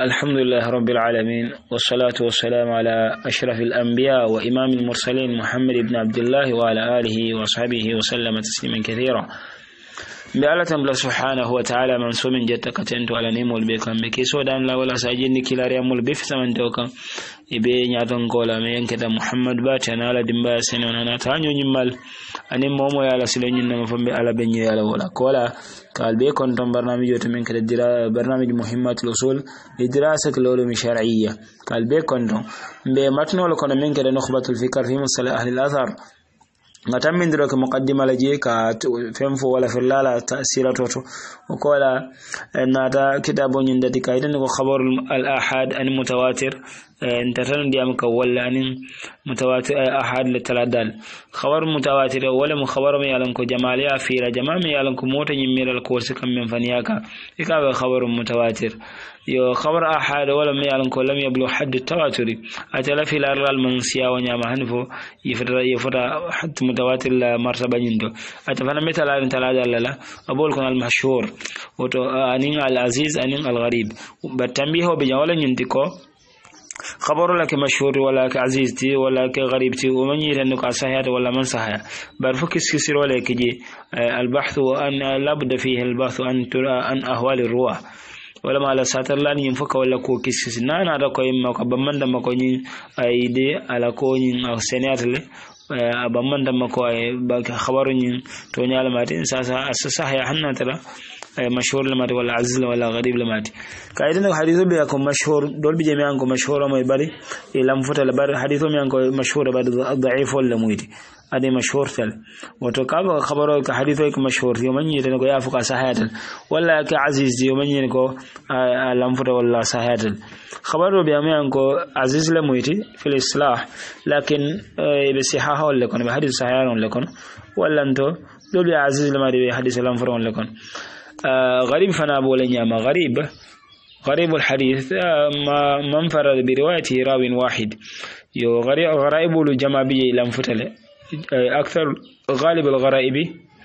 الحمد لله رب العالمين والصلاة والسلام على أشرف الأنبياء وإمام المرسلين محمد بن عبد الله وعلى آله وصحبه وسلم تسليما كثيرا بألة بلا سبحانه وتعالى من سومن جتك تنتو على نيمو بكم بكي سودان لا ولا ساجين كلا ريامول بفتمن توكم ibe ñaton kola me yanke da muhammad ba ta nala dimba sene wana na ta ño ñimmal anin momo ya ala silo ñinnama fombe ala be ñoy ala wola kola قال بيكون تم برنامج يتمين كده درا برنامج مهمات الأصول لدراسة العلوم الشرعية قال بيكون تم بمتن ولا كنا من كده نخبة الفكر في مصطلح أهل الأثر ngatan min diro ke muqaddima la je ka fem wala wala fellala tasira toto o kola nata kitabo ñindati ka iten ko khabarul al ahad an mutawatir انترن ديام كولا عن متواتر أحد لتلادال خبر متواتر ولا مخبر ما يعلم كو جماليا في لا جماع ما موت يمير الكورس كم من فنياكا إكاب خبر متواتر يو خبر أحد ولا ما يعلم لم يبلو حد التواتر أتلا في الأرض المنسيا ونعم هنفو يفرا يفرا حد متواتر مرسبا مرتبة جندو أتفنا مثل أن تلادال لا أقول كون المشهور وتو أنين العزيز أنين الغريب بتنبيه بجوال ينتكو خبر لك مشهور ولا كعزيزتي ولا كغريبتي ومن يلنك أصحيات ولا من صحيح برفكس كسر ولا كجي البحث أن لابد فيه البحث أن ترى أن أهوال الرواة wala mala satar lani yin fuka wala ko kisis na na da ko yin maka bamman da mako yin aide ala ko yin senate le bamman da mako ba khabarun yin to nya almatin sasa asasa ya hannata مشهور لمات ولا عزيز ولا غريب لمات كايدن حديثو بيكو مشهور دول بيجي ميانكو مشهور ما يبالي إلا مفوت لبار حديثو ميانكو مشهور بعد ضعيف ولا مويتي ade mashhur tal wato ka ba khabaro ka haditho ko mashhur yo manye tan ko ya fuka sahatal walla ka aziz yo manye ko lamfuta walla sahatal khabaro bi amyan ko aziz la muyti fil islah lakin be sihaha walla kon be hadith saharon lakon walla nto do bi aziz la mari be hadith lamfuta walla kon آه، غريب فانا بولن ياما غريب غريب الحديث آه، ما منفرد بروايته راوي واحد يو غرائب الجمابية لم فتل آه، أكثر غالب الغرائب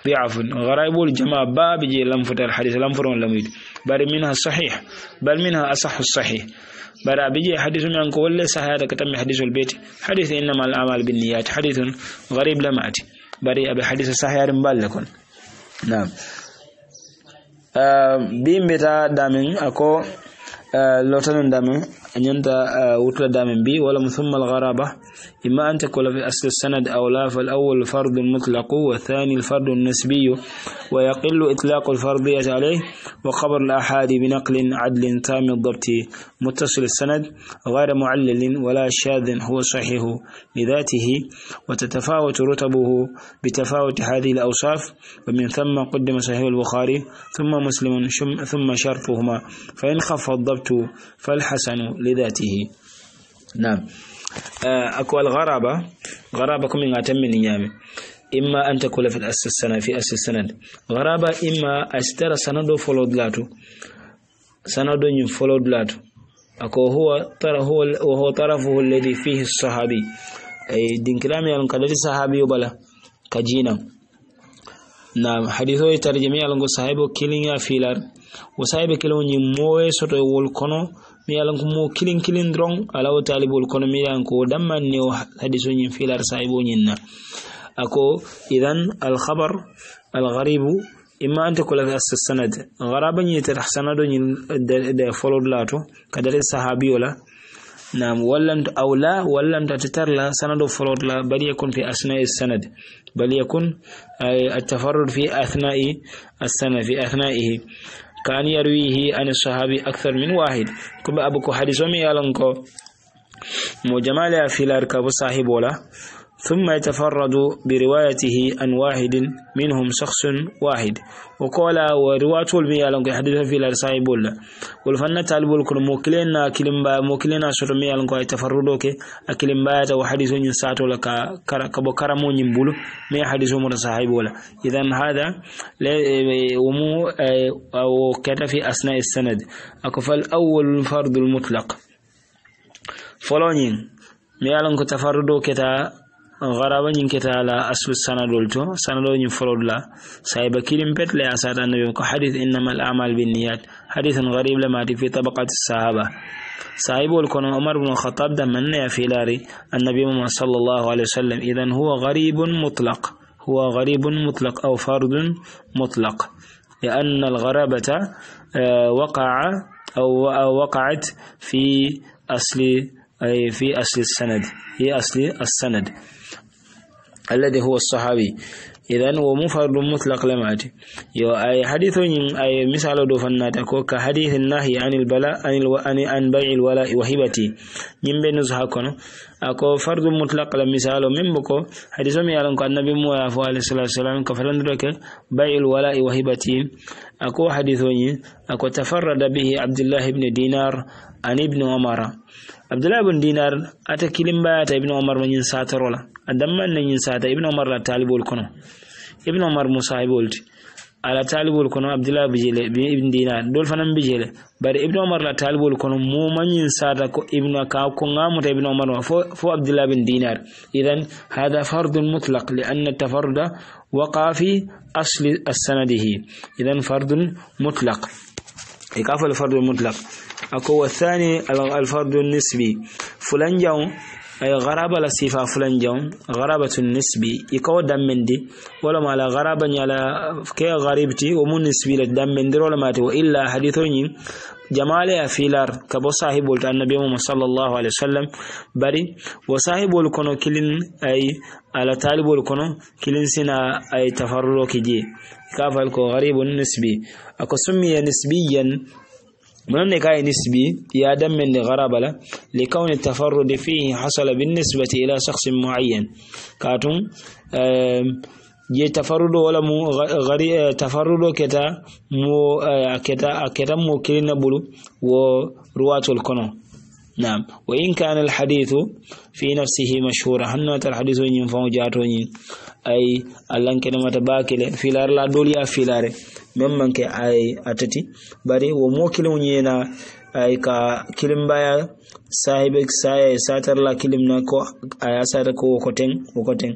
ضعف غرائب الجمع باب جي لم فتل حديث لم فرون لم يد بل منها الصحيح بل منها أصح الصحيح بل bije حديث من anko walle كتم حديث البيت حديث انما الاعمال بالنيات حديث غريب لم اتي بل ابي حديث صحيح abi hadisa Uh, bi n bɛ taa damin a ko uh, lɔtɔ nin damin أنت آه، وتلا دام بي ولم ثم الغرابة إما أن تكون في أصل السند أو لا فالأول فرض مطلق والثاني الفرض النسبي ويقل إطلاق الفرضية عليه وخبر الأحاد بنقل عدل تام الضبط متصل السند غير معلل ولا شاذ هو صحيح لذاته وتتفاوت رتبه بتفاوت هذه الأوصاف ومن ثم قدم صحيح البخاري ثم مسلم ثم شرطهما فإن خف الضبط فالحسن لذاته نعم آه، أكو الغرابة غرابة كم ينعتم من نيامي إما أن تكون في أسس السنة في أسس السند غرابة إما أستر سندو فولود لاتو سندو نيم فولود لاتو أكو هو ترى هو وهو طرفه الذي فيه الصحابي أي دين كلامي أن كدري صحابي وبلا كجينا nam hadis o tarjumi alango sahibo kiliŋa filar o sahibe kiliŋo ñiŋ moye soto wol kono mi ye mo moo kiliŋ kiliŋ doroŋ ala wo wol kono mi ye lanko wo danmaŋ hadiso ñiŋ filar sahibo ñiŋ na a ko idan alhabar algharibu imma ante kolata sanad garaba ñiŋ tata sanado ñiŋ folo dulaato ka date sahabiyo la نعم ولم أو لا ولم تتر لا سند فرود لا بل يكون في أثناء السند بل يكون التفرد في أثناء السند في أثنائه كان يرويه عن الصحابي أكثر من واحد كما أبوك حديث ومي يالنكو مجمالي في الأركاب صاحب ولا ثم يتفرد بروايته عن واحد منهم شخص واحد وقال ورواة المية لنك حديث في الأرسائي بولا والفنة تعلب الكل موكلين كلمبا موكلين شرمية لنك يتفردوك أكلمبا وحديث ينسات لك كبو كرمو ينبولو مي حديث مرسائي بولا إذن هذا ومو آه، وكتا في أثناء السند أكفى الأول فرد المطلق فلونين ميالنك تفردوك غرابة ينكت على أسو السنة دولتو سنة دول ينفرد لا سايبا كيرم بيت لا أسات النبي حديث إنما الأعمال بالنيات حديث غريب لما في طبقة الصحابة سايبو الكون عمر بن الخطاب دمنا في لاري النبي محمد صلى الله عليه وسلم إذا هو غريب مطلق هو غريب مطلق أو فرد مطلق لأن الغرابة وقع أو وقعت في أصل في أصل السند هي أصل السند الذي هو الصحابي idan wa mufardun mutlaq lamati yo ay hadithun ay misalo do fannata ko ka hadithin nahi anil bala anil wa ani an bai'il wala wa hibati yimbe nus hakono ako fardu mutlaq la misalo membo ko hadithu mi yalan ko annabi mu ya fa alayhi salatu wasalam ka falandro ke bai'il wala wa hibati ako hadithun ako tafarrada bihi abdullah ibn dinar an ibn umar abdullah ibn dinar ata kilimba ta ibn umar man yin satarola adamma na yin sata ibn umar la talibul kono ibn umar musahibul ala talibul kono abdullah bijele ibn dina dol fanan bijele bari ibn umar la talibul kono mo man yin sata ko ibn ka ko ngamuta ibn umar fo fo abdullah bin dinar idan hada fard mutlaq li anna tafarrud waqa fi asl as-sanadihi idan fard mutlaq إيقاف الفرد المطلق أكو الثاني الفرد النسبي فلان جاو ay garaba la sifa fulan jam garabatu nisbi ikaw dammendi wala mala garaba nyala ke garibti o mun nisbi la dammendi wala mate wa illa hadithoni jamale ya filar kabo sahibul annabi mu sallallahu alaihi wasallam bari wa sahibul kono kilin ay ala talibul kono kilin sina ay tafarruki je kafal ko garibun nisbi ako summiya nisbiyan من النكاء نسبي يادم من غرابة لكون التفرد فيه حصل بالنسبة إلى شخص معين كاتون يتفرد ولا مو غري تفرد كتا مو آه، كتا كتا مو كلنا بلو ورواة الكنو نعم وإن كان الحديث في نفسه مشهورا هنا الحديث وين فوجات جاتوني أي ألان كلمة باكلة في لار لا دوليا في لار ممن كي أي أتتي بري وموكل وينا ay كا kilim بايا صاحبك ساي ساتر لا kilim كو ko aya كو ko wokoten wokoten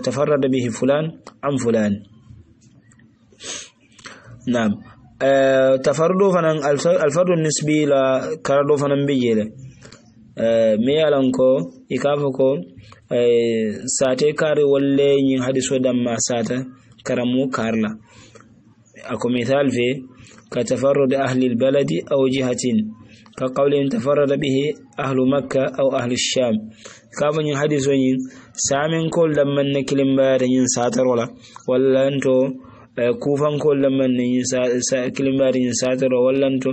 تفرد به فلان tafarrada فلان نعم Eh, tafardo fanan alfardo nisbi la karado fanan be jele eh, me yalan ko ka ko eh, sate kare walle ñin hadiso ma sata karamu karla ako misal fe ka tafarrud ahli lbaladi aw jihatin ka qawlin tafarrada bihi ahlu makka aw ahli sham ka fo hadisu hadiso samin kol man na da yin satarola walla كوفان laman ni kilimari yin sataro wallanto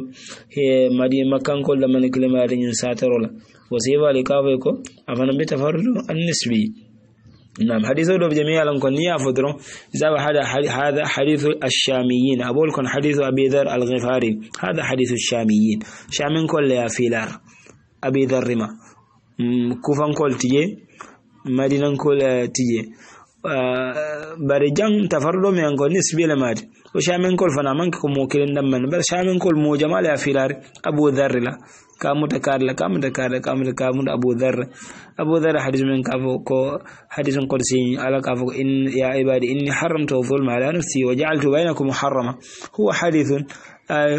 he mari makankol laman kilimari yin sataro la wasiba li kafa ko afana bi an-nisbi نعم حديث ابو جميع لنكن يا فدرون اذا هذا هذا حديث الشاميين اقول كن حديث ابي ذر الغفاري هذا حديث الشاميين شامين كل يا فيلار ابي ذر ما كوفان كل تيجي مدينه كل تيجي bari jang tafardo mi angol nisbi le mari o shamin kol fana man ko mo kilen dam man bar shamin kol mo jamal ya filar abu dharr la kamu takar la kamu takar la kamu kamu abu dharr abu dharr hadith min ka ko hadith si ala ka ko in ya ibadi inni haramtu dhulma ala nafsi wa ja'altu bainakum muharrama huwa hadith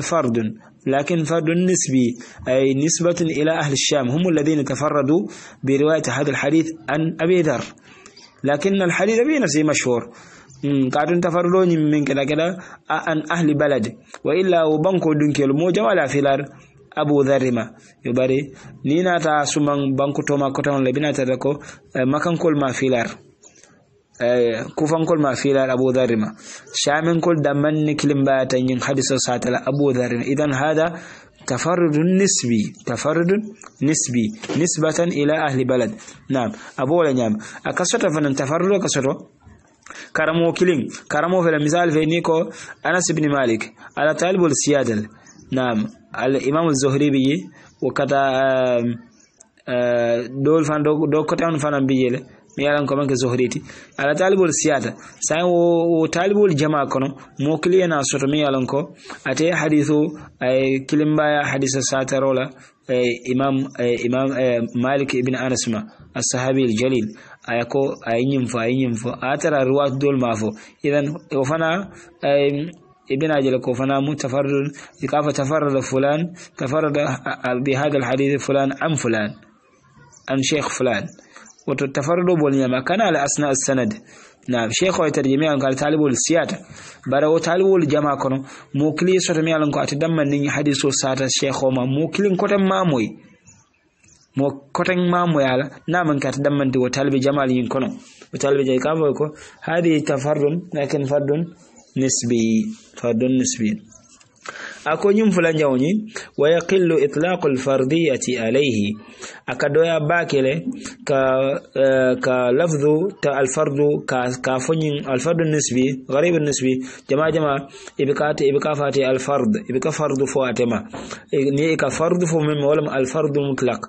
فرد لكن فرد نسبي أي نسبة إلى أهل الشام هم الذين تفردوا برواية هذا الحديث عن أبي ذر لكن الحديث به نفسه مشهور قاعدون تفرلوني من كده كده أن أهل بلد وإلا وبنكو دنكي الموجم على فيلر أبو ذرما يبري نينا تا سمان بنكو توما كتون لبنا تدكو أه، مكان كل ما فيلر أه، كوفان كل ما فيلر أبو ذرما شامن كل دمان نكلم باتا ين حديث ساتل أبو ذرما إذن هذا تفرد نسبي تفرد نسبي نسبة إلى أهل بلد نعم أبو نعم أكسرت فنن تفرد أكسرت كرمو كيلين كرمو في المثال في نيكو أنس بن مالك على طالب السيادة نعم الإمام الزهري بي وكذا آه، دول فان دو, دو كتان فان بيجي mi yalan ko manke zohriti ala talibul siyata sai wo, wo talibol jama kono mo kiliyana soto mi yalan ko ate hadithu ay kilimba ya hadisa satarola ay imam ay imam ay malik ibn anas ma as-sahabi al-jalil ayako ay nyimfa ay nyim atara ruwat dol mafo idan o fana ابن عجل كوفنا متفرد كيف تفرد فلان تفرد بهذا الحديث فلان عن فلان عن شيخ فلان وتتفرد بولنيما كان على أثناء السند نعم شيخ ويترجمي أنك طالب السيادة برو طالب الجماعة كنو موكلي سوتمي أنك أتدمن نين حديث ساتة شيخ وما موكلين كتن ماموي mo kotan mamu yala naman ka tadamman to talbi jamal yin kono talbi jay kamo ko hadi tafardun lakin fardun nisbi fardun nisbi akonyum fulanjawñi wa yaqillu itlaqu lfardiyati alayhi akadoya bakele ka uh, ka lafdhu ta alfardu ka ka fonyin alfardu nisbi gharib nisbi jama jama ibikati ibikafati alfard ibika fardu fo atema ni ka fardu fo mem wala alfardu mutlaq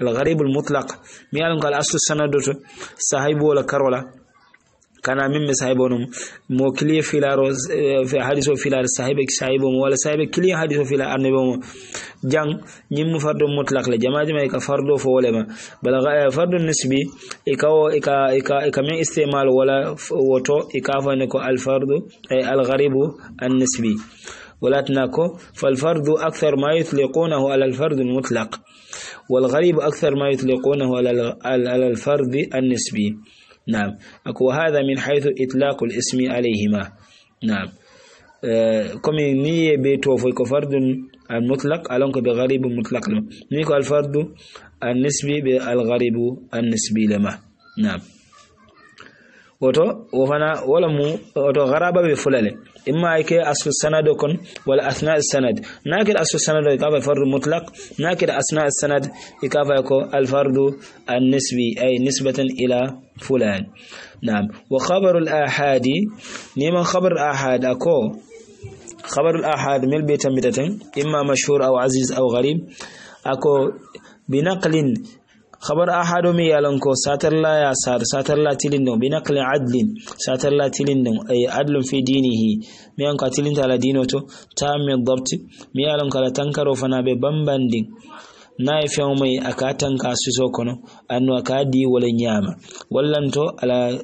algharib almutlaq mi alon kal aslu sanadatu sahibu wala karola kana mimme sahibo num mo kiliye filaro hadiso filar sahibe sahibo mo wala sahibe kiliye hadiso fila arnebo mo jang ñimmu fardo mutlak le jama jama ka fardo fo wala ma bala fardo nisbi ika o ika ika ika men istimal wala woto ika fa ne ko al fardu ay al gharibu an nisbi ولا تناكو فالفرد أكثر ما يطلقونه على الفرد المطلق والغريب أكثر ما يطلقونه على الفرد النسبي نعم أكو هذا من حيث إطلاق الاسم عليهما نعم آه، كم ني بيتو فوي كفرد المطلق الونك بغريب مطلق لما نيكو الفرد النسبي بالغريب النسبي لما نعم woto wo fana wala mu woto garaba be fulale imma ay ke aslu sanad kon wala asna sanad nakir asu sanad ka fa fardu mutlaq nakir asna sanad ka fa ko al fardu an nisbi ay nisbatan ila fulan نعم وخبر الآحاد نيما خبر الآحاد أكو خبر الآحاد من البيت إما مشهور أو عزيز أو غريب أكو بنقل خبر أحد ميالنكو ساتر لا ياسار ساتر لا تلندم بنقل عدل ساتر لا تلندم أي عدل في دينه ميانكو تلند على دينوتو تام الضبط ميالنكو لا تنكرو فنا ببنبان دين nayi feŋo mayi a ka tanka suso kono anu a ka di wole ñama wallanto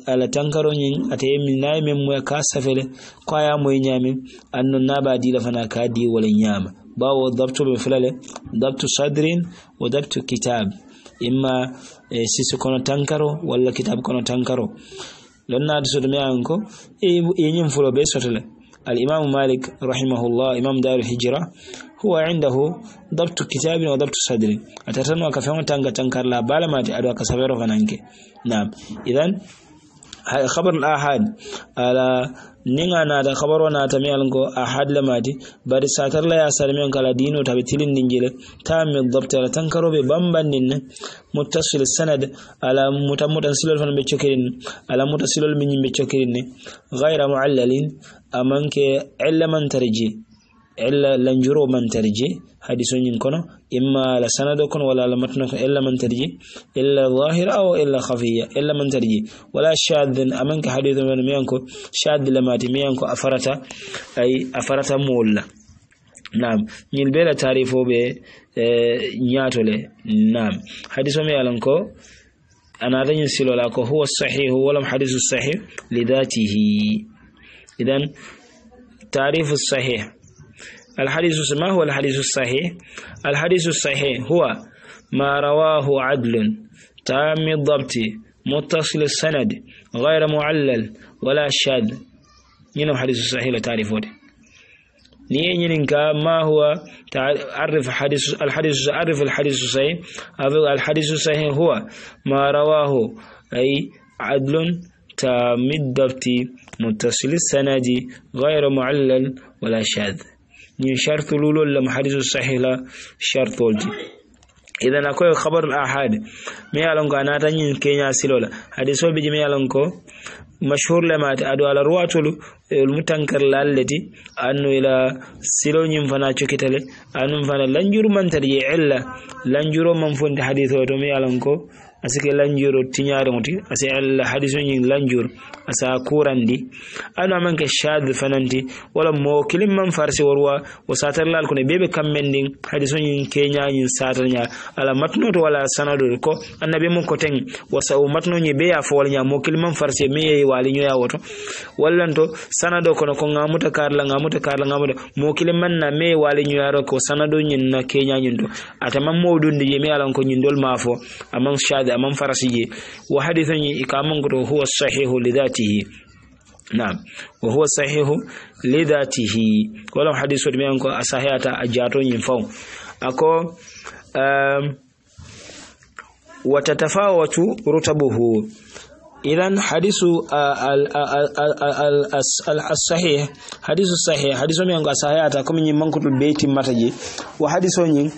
ala tankaro ñin ata ye nayi meŋ moy a e ka safele ko a ye moyi ñamin anno naba dila fana ka di wole ñama bawo dabtu be fula le dabtu sadrin wo dabtu kitabe imma e, sisi kono tankaro walla kitab kono tankaro lon naati soto mi an ko eh, yeñin fulo be sotole alimamu malik rahimahullah imam daru hijra huwa indahu dabtu kitabin wa dabtu sadrin atatanu akafeŋo tanga tankarla balamati aɗo aka sabero fananke nam idan خبر أحد على ninga nata kabaro nata mi alanko a hadle mati bari satarla ya salmion kala dino tabe tilin dingile ta mi dabtara tankarobe bambannin ne muttasil sanad ala mutamutan silol fan be chokirin ala mutasilol min be chokirin ne ghayra muallalin amanke illaman tarji illa lanjuro mantarje hadisoñin kono imma la sanado kono wala ala matna kono illa mantarje illa zahira aw illa khafiya illa mantarje wala shadin aman ka hadithu men miyanko shad lamati miyanko afarata ay afarata mulla نعم نيل بلا تعريفه ب نياتله نعم حديث ما يلنكو أنا ذا ينسلو لك هو الصحيح ولم حديث الصحيح لذاته إذن تعريف الصحيح الحديث ما هو الحديث الصحيح الحديث الصحيح هو ما رواه عدل تام الضبط متصل السند غير معلل ولا شاذ ينو حديث الصحيح لا تعرفه نينك ما هو تعرف حديث الحديث عرف الحديث الصحيح الحديث الصحيح هو ما رواه أي عدل تام الضبط متصل السند غير معلل ولا شاذ ni shartu lulol lam hadisu sahila shartolti idan akwai khabarul ahad me yalon ko anata nyin kenya silola hadiso biji me yalon ko mashhur lama ta adu ala ruwatul eh, mutankar lallati annu ila silo nyin fana chukitale annu fana lanjur man tarje illa lanjuro man fonde hadiso to me yalon ko asike lanjuro tinyare muti asike hadiso nyin lanjuro asa kurandi ado man shad fananti wala mo kilim man farsi warwa wasatar lal kone bebe kammendin hadisun yin kenya yin satanya ala matno to wala sanado ko annabi mun ko ten wasa o matno nyi be ya fowal nya mo kilim man farsi me yi wali nyoya woto wallanto sanado kono ko ngamuta karla ngamuta karla ngamuta mo kilim man na me wali nyoya ro ko sanado nyin na kenya nyin do ataman mo dundi yemi alan ko nyin dol mafo amman shad amman farsi je wa hadithun ikamun ko huwa sahihu lidati lidhatihi Naam wa huwa sahihu lidhatihi wala hadith wa dimen ko asahiyata ajato nyin faw ako um, watatafawatu rutabuhu idhan hadithu al-sahih hadithu sahih hadithu mi ngo asahiyata comme nyin mankutul beyti mataji wa hadithu nyin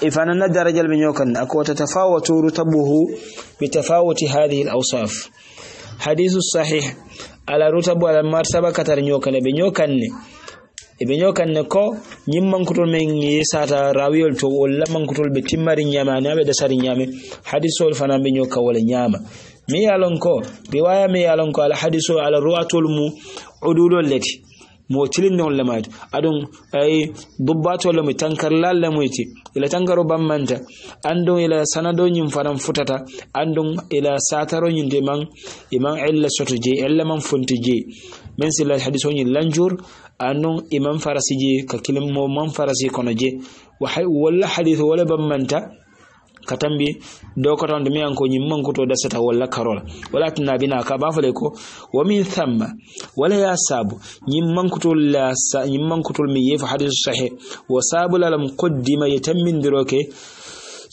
ifanana daraja al-binyokan ako watatafawatu rutabuhu bitafawuti hadhihi al-awsaf hadisu sahih ala rutabu ala martaba katar ñokane ɓe ñokanne eɓe ñokanne ko ñim mankutol men yesata rawiyol to walla mankutol ɓe timmari ñamani aɓe dasari ñaame hadisol fana ɓe ñokka wala ñaama mi yalon ko riwaya mi yalon ko ala hadiso ala ruwatol mu udulol leti motilin non lamaytu aɗum ay dubbato tankar tankarla lamuyti ila tankaro bammanta andum ila sanadoñin fanan futata andum ila sataroñinte man iman illa soto je illa man fonti je men sila hadisoñin lanjur andum iman farasi je ka mo man farasi kono je walla hadithu wala bammanta katambi do ko tan dum yanko nyim man kuto da sata walla karola wala tinna bina ka ba fale ko wa min thamma wala ya sabu nyim man kuto la sa nyim man kuto mi yef hadith sahih wa sabu la lam qaddima yatammin diroke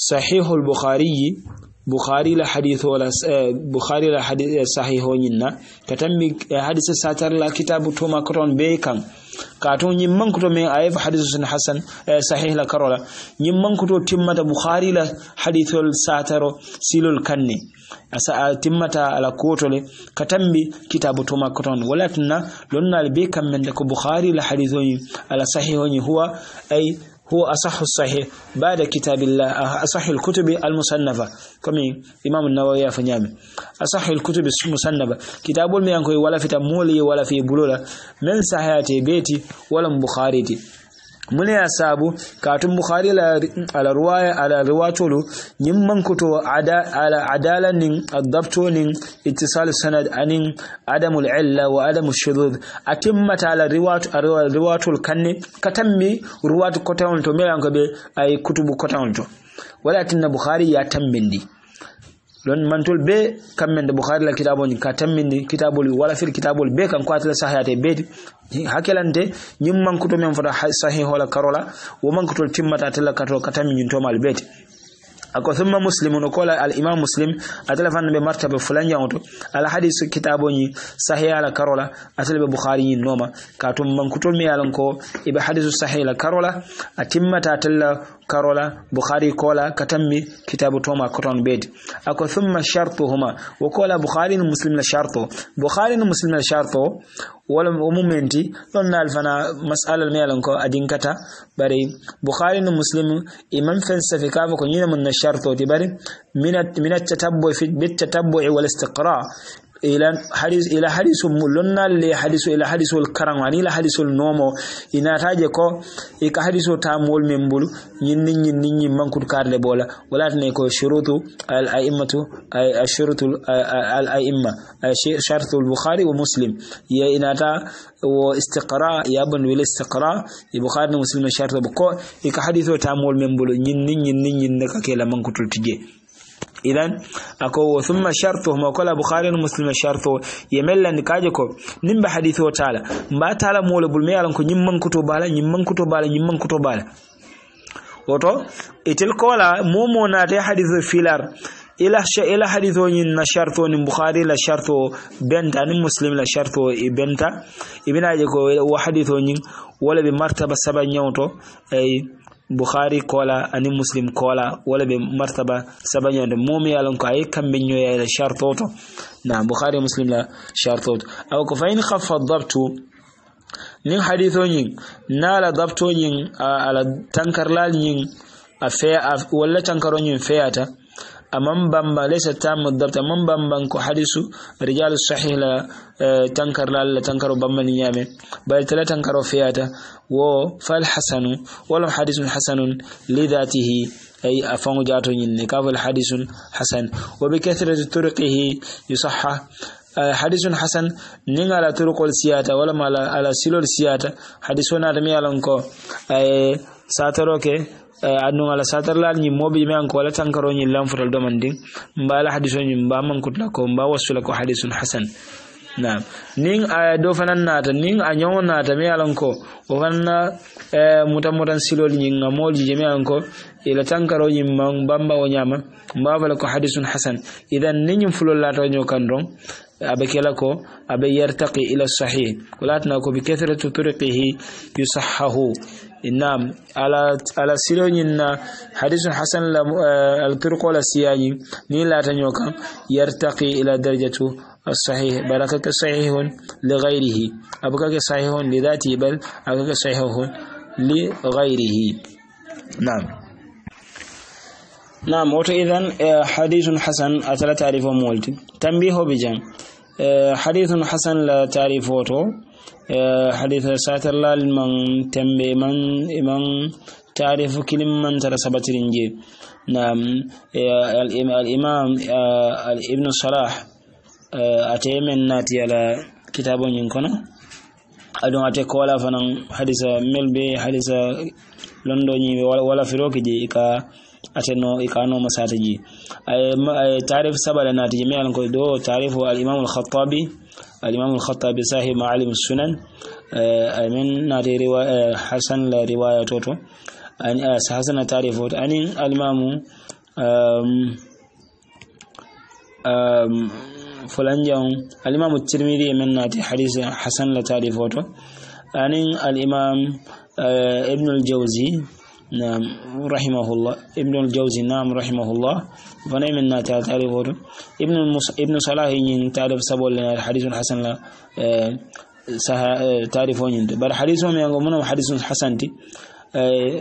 sahih al bukhari bukhari la hadith wala bukhari la hadith sahih ho nyinna katambi hadith satar la kitabu to ma be kan katun yin man kuto min ayef hadithu sun hasan sahih la karola yin man kuto timmata bukhari la hadithul sataro silul kanni asa timmata ala kotole katambi kitabu tuma koton walatinna lonnal be kammen ko bukhari la hadithu ala sahihu huwa ay هو أصح الصحيح بعد كتاب الله أصح الكتب المصنفة كما إمام النووي فنيامي أصح الكتب المصنفة كتاب الميانكوي ولا في تمولي ولا في بلولا من صحياتي بيتي ولا بخاريتي mune ya sabu katun bukhari ala ruwaya ala riwatolu yin mankuto ala adalanin adabtonin ittisal sanad anin adamul illa wa adamul shudud akin mata ala ruwatul kanne katammi ruwatu kotawon mai me a yi kutubu kotawon to na bukhari ya tambindi don mantol be kammende bukhari la kitaboji ka tammindi kitabol wala fil kitabol be kan ko atala sahayate beeti hakkelante ñim mankuto men fota sahihola karola wo mankutol timmata atala kato ka tammiñin tomal beeti ako thumma muslimun okola al imam muslim atala fanna be martaba fulan jangoto al hadis kitaboñi sahiyala karola atala be bukhari ñin nooma ka tum mankutol mi yalan ko ibe hadisu sahila karola a timmata atalla karola bukhari kola katambi kitabu toma koton bed ako thumma huma wakola bukhari ni muslim la sharto bukhari ni muslim la sharto wala mumenti ɗon naal fana masala mi alan ko adinkata bari bukhari ni muslim imam fensafi kafa ko ñina mun na shartoti bari min bit tatabbo wal istiqra ila hadis ila hadisu mulunna li hadisu ila hadisul karam ani ila hadisul nomo ina taje ko e ka hadiso ta mol men bulu nyin nyin nyin nyin mankut karle bola wala ne ko shurutu al a'immatu ay shurutu al a'imma shartu al bukhari wa muslim ya ina ta wa istiqra ya ban wil istiqra bukhari muslim shartu ko e ka hadiso ta mol men nyin nyin nyin nyin ka kala mankutul tije idan ako wa thumma shartu ma kala bukhari muslim shartu yemella ni kaje ko nimbe hadithu wa taala mba taala mo bul me alan ko nyimman kuto bala nyimman kuto bala nyimman kuto bala woto itil kola momo na te hadithu filar ila ila hadithu nyin na sharto ni bukhari la shartu benta ni muslim la shartu ibenta ibina je ko wa hadithu nyin wala bi martaba saba nyawto ay bukhari kola ani muslim kola wala be martaba sabañode mum ye lon ko aye kamɓe ñoyayla charte o na bukhari muslim la shartoto o aw ko fayin haffa dabtu nin haditho ñin nala dabto ala tankarlal ñin a fe tankaro ñin feyata aman bamba laysa tamu dabt aman bamban ko hadisu rijalu sahih la tankar la la tankaro bamban nyame bal tala tankaro fiyata wo fal hasanu wala hadisun hasanun li dhatihi أي أفهم جاتو ينني كافل حديث حسن وبكثرة طرقه يصحح hadisun hasan nin ala turukol siyata walla ma ala silol siyata hadiso naatami alan ko ay satoro ke Eh, adun ala satarlal ñim moɓe jeme an ko wala tankaro ñin lanfutal doman mbala hadis o ñim mba mankutla ko mba wassula ko hadisun hasan nam nin a eh, do fanan nata nin a ñawo nata mi alan ko o fanna eh, mutan mutan silol ñin ga moolji jeme an ko ila tankaro ñin ma mbamba o ñama mba fala ko hadisun hasan idan ni ñin fulol lata o ño kan abe kela ko abe yartaqi ila sahih walatina ko bi kathratu turqihi yusahahu نعم على على سيرو نينا حديث حسن الكرقو لا سياني ني لا تنيوكا يرتقي الى درجته الصحيح بلكك صحيح لغيره ابكك صحيح لذاته بل ابكك صحيح لغيره نعم نعم وتو إذن حديث حسن أتلا تعريف مولتي تنبيه بجان حديث حسن لا تعريف Eh, haditha satar lalman tembe man iman tarifu kilim man tara sabatirin je na eh, al'imam eh, al'ibnu salah a ta yi min na tiyala kitabun yankuna a don a ta kowala fana haditha milbe haditha london yi wala firo ki je ika أتنو إكانو مساتجي تعرف سبب لنا جميعا دو تعرف الإمام الخطابي الإمام الخطابي صاحب معالم السنن من ناري رواية حسن لرواية توتو أن حسن تعرف أن الإمام فلان جاون الإمام الترمذي من ناتي حديث حسن لتعرف أن الإمام ابن الجوزي نعم رحمه الله ابن الجوزي نعم رحمه الله فنعم النا نعم تعالى ابن المص... ابن صلاح تعرف سبول الحديث الحسن لا أه... سها... آه، تعرفون بل حديثهم يقولون حديث حسن دي.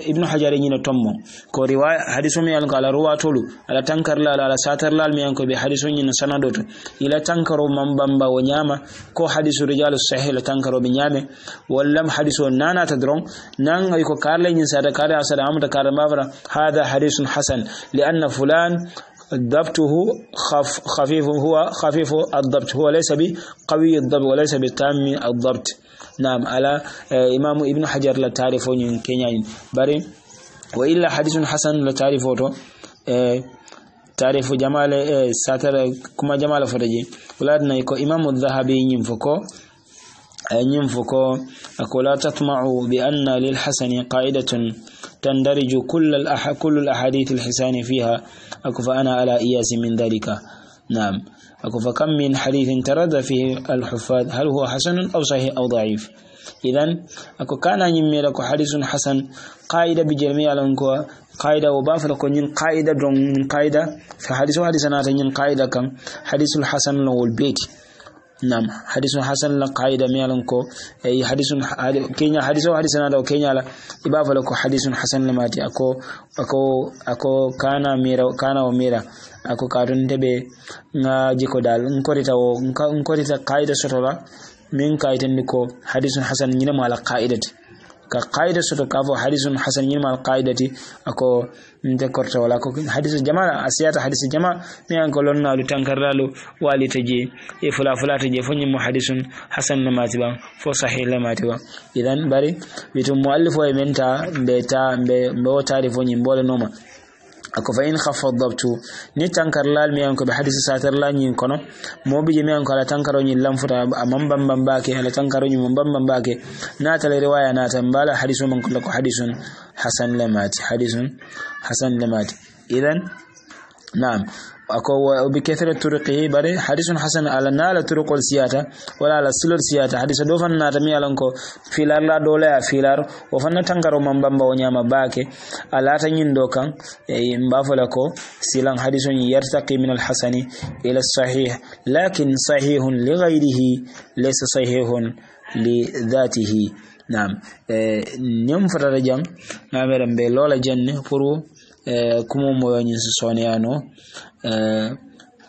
ibnu hajar ñina tommo ko riwaya hadiso mi alko ala ruwatolu ala tankarlal ala satarlal mi yanko ɓe hadiso ñina sanadoto ila tankaro man bamba o ñama ko hadiso rijalu sahih la tankaroɓe ñame wallam hadiso nanata doron nan ay ko karla ñin sata kare asada amata kare mbafata hada hadisun hasan li anna fulan ضبطه خف خفيف هو خفيف الضبط هو ليس بقوي الضبط وليس بتام الضبط نعم على آه، إمام ابن حجر لا تعرف نعم، كنيا بري وإلا حديث حسن لا تعرفه آه، تعرف جمال آه، ساتر كما جمال فرجي ولادنا يكو إمام الذهبي ينفكو ينفكو أقول لا تطمعوا بأن للحسن قاعدة تندرج كل الأح كل الأحاديث الحسان فيها أكف أنا على إياس من ذلك نعم أكو فكم من حديث ترد فيه الحفاظ هل هو حسن أو صحيح أو ضعيف إذن أكو كان يمي لكو حديث حسن قاعدة بجميع لنكو قائدة وبافر كو نين قاعدة دون قاعدة فحديث حديثنا تنين قائدة كم حديث الحسن لو البيت nam hadisun hasan la qaida miyalan ko ay eh, hadisun kenya hadisun hadisana da kenya la ibafa la ko hadisun hasan la mati ako ako ako kana mira kana wa mira ako kadun debe nga jiko dal nkorita wo nkorita qaida sotola min kaitan ko hadisun hasan nyina mala qaidat ka qaida soto kafo hadisun hasan yinma al qaidati ako nde korta wala ko hadisu jama asiyata hadisu jama mi an ko lonna lu tankarralu wali taje e fula fula taje fonyi mu hadisun hasan na matiba fo sahih la matiba idan bari bitum muallif e menta mbeta mbe mbo tarifo nyi mbole noma ako fa in khafadabtu ni tankar lal mi anko be hadisi satar la nyin kono mo bi je mi anko ala tankaro nyin lam futa amam bam bam bake ala tankaro nyin bam bam bake na tale riwaya na tambala hadisu man kullu hadisun hasan lamati hadisun hasan lamati idan نعم أكو بكثرة طرقه بري حديث حسن على نال طرق السياتة ولا على سلو السياتة حديث دوفن ناتمي ألنكو فيلار لا دولا فيلار وفن تنكر من بمبا ونياما باكي على تنين دوكا مبافلكو سيلان حديث يرتقي من الحسن إلى الصحيح لكن صحيح لغيره ليس صحيح لذاته نعم نيم فرارجان نعم بلولا جن فرو e, eh, kuma moyonyin su soniyano eh,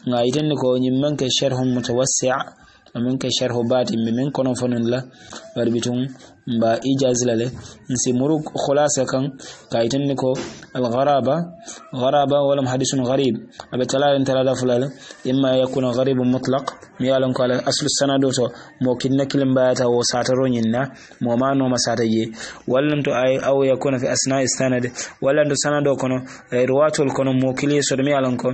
nga itin ko nyin man ka sharhun mutawassi'a min ka sharhu bati mi min kono fonin la bari bitun ba ijaz lale nsi muru khulasa kan ka itin ko al gharaba gharaba wala hadithun gharib abi talal talala fulala imma yakuna gharibun mutlaq mi ye a lon ko ala aslu sanado to mo kinna kilim bayata wo sataro ñinna mo ma noma sata je wallan to ay aw yakuna fi asna istanade wallan to sanado kono ruwatol kono mo kili soto mi ye a lon ko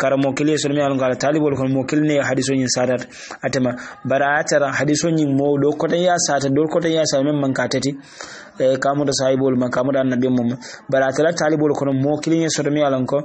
kara mo kili soto mi ye a lon ko ala talibol kono mo kili ne hadiso ñin satata atema bara a tara hadiso ñin mo do koten ya sata do koten ya sata men manka tati kamuda sahibol ma kamuda annabi mum bara atala talibol kono mo kili ñin soto mi ye a lon ko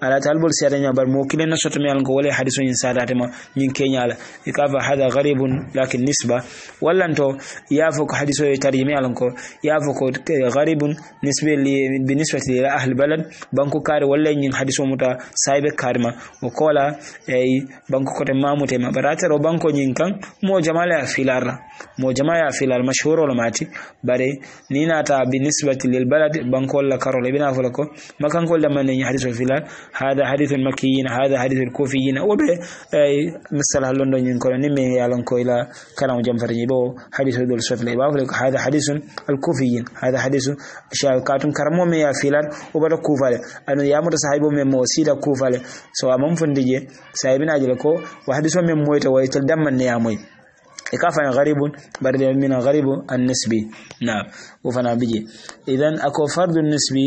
ala talibol siyata ña bara mo kili na soto mi ye a lon ko wala hadiso ñin satata ma ñin keñala i ka fa hada garibun lakin nisba wallanto ya fo ko hadiso e tarjimi alan ko ya ko garibun nisbe li bi nisbati ila ahli balad banko kare walla ñin hadiso muta saybe karma o kola e banko kote mamute ma barata ro banko ñin kan mo jamala ya filarla mo jama ya filal mashhuro la mati bare ni nata bi nisbati lil balad banko la karol ibina fo ko makan ko lamane ñin hadiso filal hada hadithu makkiyin hada hadithu kufiyin wobe مثلا لندن ينكر نمي يالن كويلا كلام جنفر يبو حديث دول سفل يبو هذا حديث الكوفيين هذا حديث شاكاتم كرمو مي يافيلان وبدا كوفال انو يا مر صاحبو مي موسيدا كوفال سو امم فندجي صاحبنا جلكو وحديث مي مويت ويتل دمن يا موي إكافة غريب برد من غريب النسبي نعم وفنا بيجي إذن أكو فرد النسبي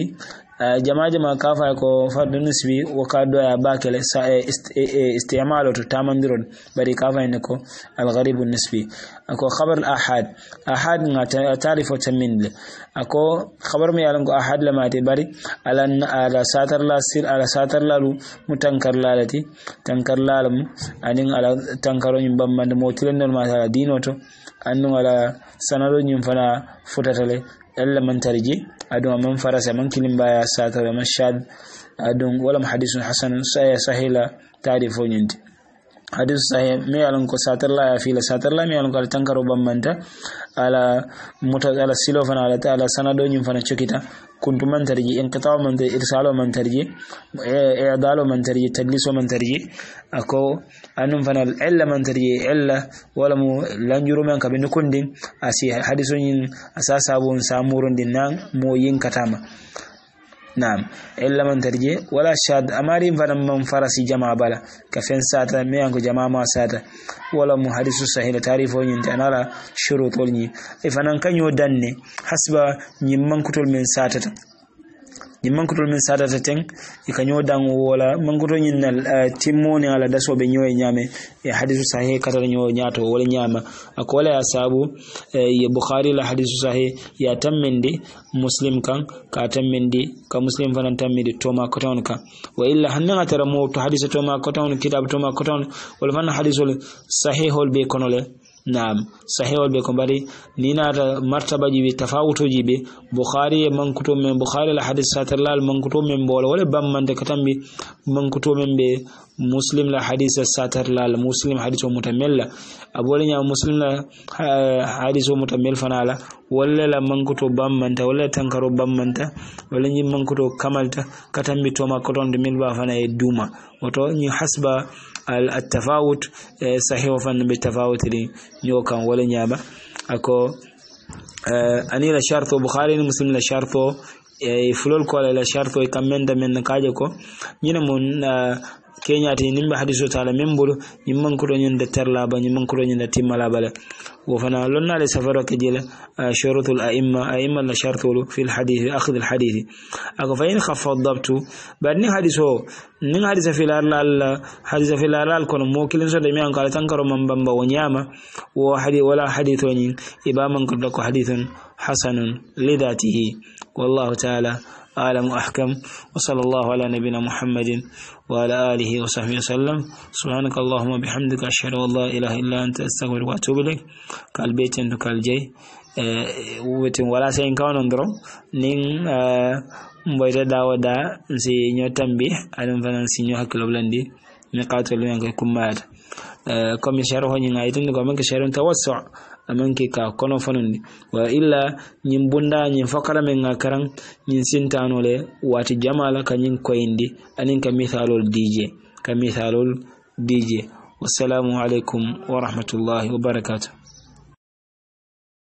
Eh, jamaje ma kafay ko fadde nusbi woka doya bakele e, e, istimalo to tamandiron bari kafayne ko algaribu nusbi ako habar ahad ahad nga tarifo taminle ako habar mi yalango ahad lamate bari ala satarla sir ala satarlalu mu tankar lalati tankar lalamu anin ala tankaro ñum bambande mo tilendol mata ala dino to andu ala sanaro ñum fana futatale ellamantari ji adon man farasa man kilin baya sata man shad adon wala hadisun hasan saya sahila tarifo nyinti hadis sahih me alon ko satarla ya fila satarla me alon ko tankaro bambanta ala muta ala silo fana ala ta ala sanado nyum fana chokita كنت من ترجي انقطاع من إرسال من ترجي إعدال من ترجي تدليس من ترجي أكو أنم فنال إلا من ترجي إلا ولا مو لنجرو من كبن كندين أسي حديثين أساسابون سامورون دينان مو ينكتاما naam illamantari je wala shad amari fana man farasi jama bala ka fen sata me yanko jama ma sata wala mu hadisu sahih tarifo nyin ta nara shuru tolni e fana kanyo danne hasba nyimman kutul min sata ñi mankuto min satata teŋ i ka ñoo daŋ wola mankuto ñiŋ na timmoni ala dasoo be ñoo ye ñaame e hadisu sahi katara ñoo ñaato wala ñaama ako wala ye saabu e, ye bukhari la hadisu sahi ye tammindi muslim kan ka tammindi ka muslim fana tammindi toma kotawn kan wa illa hannaŋ a tara moo to hadisa toma kotawn kitabu toma kotawn wala fana hadisol sahihol be kono le naam sahihol ɓe ko mbaɗi ni naata martaba ji ɓe tafawutoji ɓe bouhari e mankuto men bouhari al hadis satirlal mankuto men mbola wala bammante ko tanɓe mankuto men ɓe muslim la hadis satirlal muslim hadis o mutamella abole ñama muslim la hadis o mutamel fanala walla la mankuto bammanta walla tankaro bammanta walla ñi mankuto kamalta katanɓe toma kotonde mil ba fana e duuma woto ñi hasba altafawut eh, sahiwa fannin bai tafawut ne yau wala nyama ako eh, ani la sharto bukhari ni muslim la sharto e eh, fulol ko la sharto e kamenda men kaje ko nyina mun kenya te nimba hadiso tala membulu nimman ko nyen de terla ba nyimman ko nyen de timala bala وفنا لنا لسفر كجل آه، شروط الأئمة أئمة لشرطه في الحديث أخذ الحديث أقول فإن خفض ضبط بعدني حديثه نين حديث في الأرلال حديث في الأرلال كون موكل سو دمي أن قال تنكر من بمبا ونياما ولا حديث ونين إبا من قد لك حديث حسن لذاته والله تعالى أعلم أحكم وصلى الله على نبينا محمد وعلى آله وصحبه وسلم سبحانك اللهم وبحمدك أشهد أن لا إله إلا أنت أستغفرك وأتوب إليك قال بيت أنت قال جاي آه، وبتن ولا سين كان ندرم نين آه، مبيت داو دا نسي نيو تنبي أنم فان نسي نيو هكلو بلندي نقاتل لنا كمال آه، كم يشارو هني نايتن كم يشارو توسع aman ke ka kono fanandi wa illa ñin bunda ñin fokara men ŋa karan ñin sintanole wati jamala ka ñin koyindi anin ka misalol dije ka misalol dije wassalamu alaikum warahmatullahi rahmatullahi